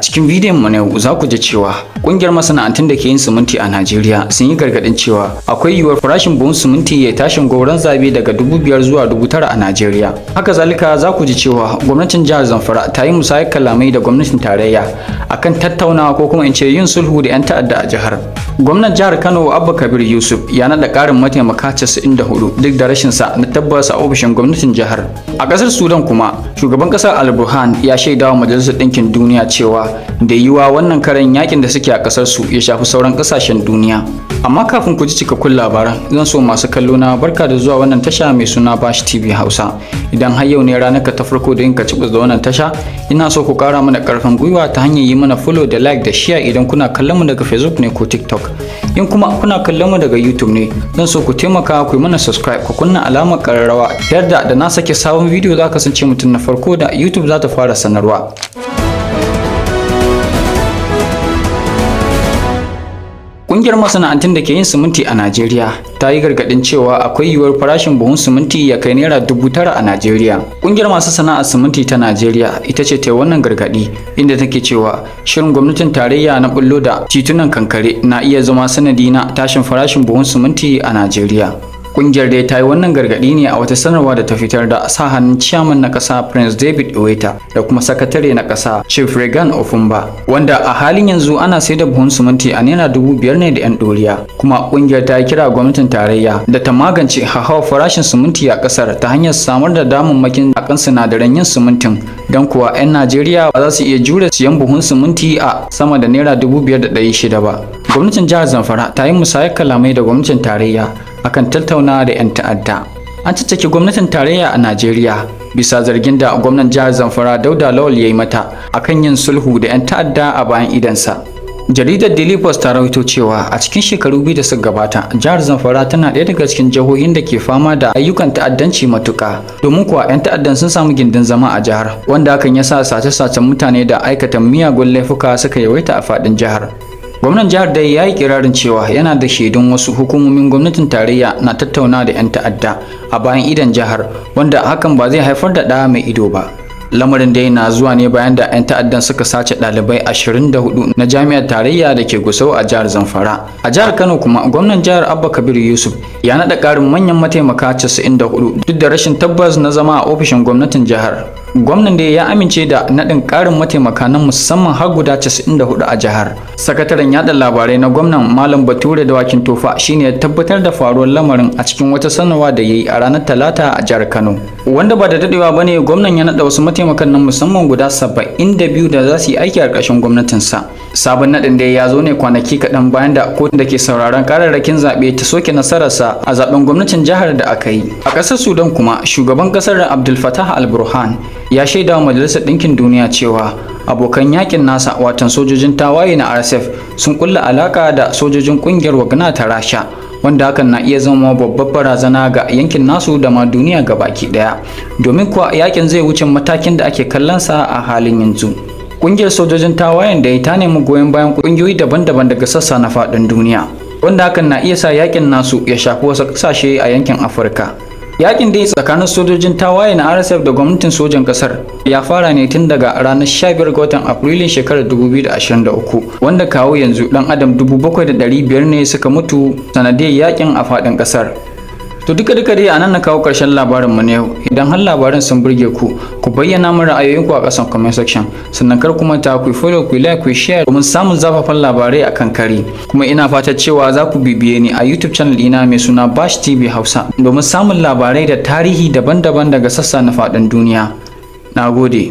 A cikin bidiyon mu ne za ku ji cewa kungiyar masana'antun da ke yin siminti a Najeriya sun yi gargadin cewa akwai yiwuwar farashin buhun siminti ya tashin goron zabe daga dubu biyar zuwa dubu tara a Najeriya. Haka zalika za ku ji cewa gwamnatin jihar Zamfara ta yi musayar kalamai da gwamnatin tarayya akan tattaunawa ko kuma in ce yin sulhu da 'yan ta'adda a jihar. gwamnan jihar kano abba kabir yusuf ya naɗa ƙarin mataimaka 94 duk da rashin sa na tabbas a ofishin gwamnatin jihar a ƙasar sudan kuma shugaban ƙasar al burhan ya shaida wa majalisar ɗinkin duniya cewa da yiwuwa wannan karen yakin da suke a ƙasar su ya shafi sauran ƙasashen duniya amma kafin ku ji cikakkun labaran zan so masu kallo na barka da zuwa wannan tasha mai suna bash tv hausa idan har yau ne ranar ka ta farko da yinka ka da wannan tasha ina so ku ƙara mana ƙarfin gwiwa ta hanyar yi mana follow da like da share idan kuna kallon mu daga facebook ne ko tiktok in kuma kuna kallon mu daga youtube ne zan so ku taimaka ku mana subscribe ku kunna alamar kararrawa yadda da na sake sabon bidiyo za ka kasance mutum na farko da youtube za ta fara sanarwa Ƙungiyar masana'antun da ke yin siminti a Najeriya ta yi gargaɗin cewa akwai yiwuwar farashin buhun siminti ya kai naira dubu tara a Najeriya. Ƙungiyar masu sana'ar siminti ta Najeriya ita ce ta yi wannan gargaɗi inda take cewa shirin gwamnatin tarayya na bullo da titunan kankare na iya zama sanadi na tashin farashin buhun siminti a Najeriya. Kungiyar dai ta yi wannan gargaɗi ne a wata sanarwa da ta fitar da sa hannun ciyaman na ƙasa Prince David Iweta da kuma sakatare na ƙasa Chief Regan Ofumba wanda a halin yanzu ana sai da buhun suminti a naira dubu biyar ne da 'yan ɗoriya kuma kungiyar ta kira gwamnatin tarayya da ta magance hauhawar farashin suminti a ƙasar ta hanyar samar da damammakin akan sinadaran yin sumintin don kuwa 'yan Najeriya ba za su iya jure siyan buhun suminti a sama da naira dubu biyar da ɗari shida ba. Gwamnatin jihar Zamfara ta yi musayar kalamai da gwamnatin tarayya akan tattauna da 'yan ta'adda an caccaki gwamnatin tarayya a najeriya bisa zargin da gwamnan jihar zamfara dauda lawal ya yi mata akan yin sulhu da 'yan ta'adda a bayan idansa jaridar daily post ta rawaito cewa a cikin shekaru biyu da suka gabata jihar zamfara tana ɗaya daga cikin jihohin da ke fama da ayyukan ta'addanci matuƙa. domin kuwa 'yan ta'addan sun samu gindin zama a jihar wanda hakan ya sa sace-sacen mutane da aikata miyagun laifuka suka yawaita a faɗin jihar gwamnan jihar dai ya yi kirarin cewa yana da shaidun wasu hukumomin gwamnatin tarayya na tattauna da 'yan ta'adda a bayan idan jihar wanda hakan ba zai haifar da ɗa mai ido ba lamarin dai na zuwa ne bayan da 'yan ta'addan suka sace ɗalibai 24 na jami'ar tarayya da ke gusau a jihar zamfara a jihar kano kuma gwamnan jihar abba kabir yusuf ya naɗa ƙarin manyan mataimaka 94 duk da rashin tabbas na zama a ofishin gwamnatin jihar gwamnan da ya amince da naɗin ƙarin mataimaka na musamman har guda 94 a jihar sakataren yada labarai na gwamnan malam bature da wakin tofa shine ya tabbatar da faruwar lamarin a cikin wata sanarwa da ya yi a ranar talata a jihar kano wanda ba da dadewa ba ne gwamnan ya nada wasu mataimakan nan musamman guda saba'in da biyu da za su yi aiki a ƙarshen gwamnatinsa sabon naɗin da ya zo ne kwanaki kaɗan bayan da kotun da ke sauraron kararrakin zaɓe ta soke sa a zaɓen gwamnatin jihar da aka yi a ƙasar sudan kuma shugaban ƙasar abdul fatah al burhan ya shaida wa majalisar ɗinkin duniya cewa abokan yakin nasa watan sojojin tawaye na rsf sun kulla alaka da sojojin ƙungiyar wagna ta rasha wanda hakan na iya zama babbar barazana ga yankin nasu da ma duniya ga baki daya domin kuwa yakin zai wuce matakin da ake kallon sa a halin yanzu kungiyar sojojin tawayen da ta nemi goyon bayan kungiyoyi daban-daban daga sassa na faɗin duniya wanda hakan na iya sa yakin nasu ya shafi wasu ƙasashe a yankin afirka Yakin dai tsakanin sojojin tawaye na RSF da gwamnatin sojan kasar ya fara ne tun daga ranar 15 ga watan Afrilun shekarar 2023 wanda kawo yanzu dan adam 7,500 ne suka mutu sanadiyar yakin a faɗin kasar. to duka duka dai anan na kawo karshen labarin mu ne yau idan har labarin sun burge ku ku bayyana mu ra'ayoyinku a ƙasan comment section sannan kar ku manta ku follow ku like ku share domin samun zafafan labarai akan kari kuma ina fata cewa za ku bibiye ni a YouTube channel ina mai suna Bash TV Hausa domin samun labarai da tarihi daban-daban daga sassa na faɗin duniya nagode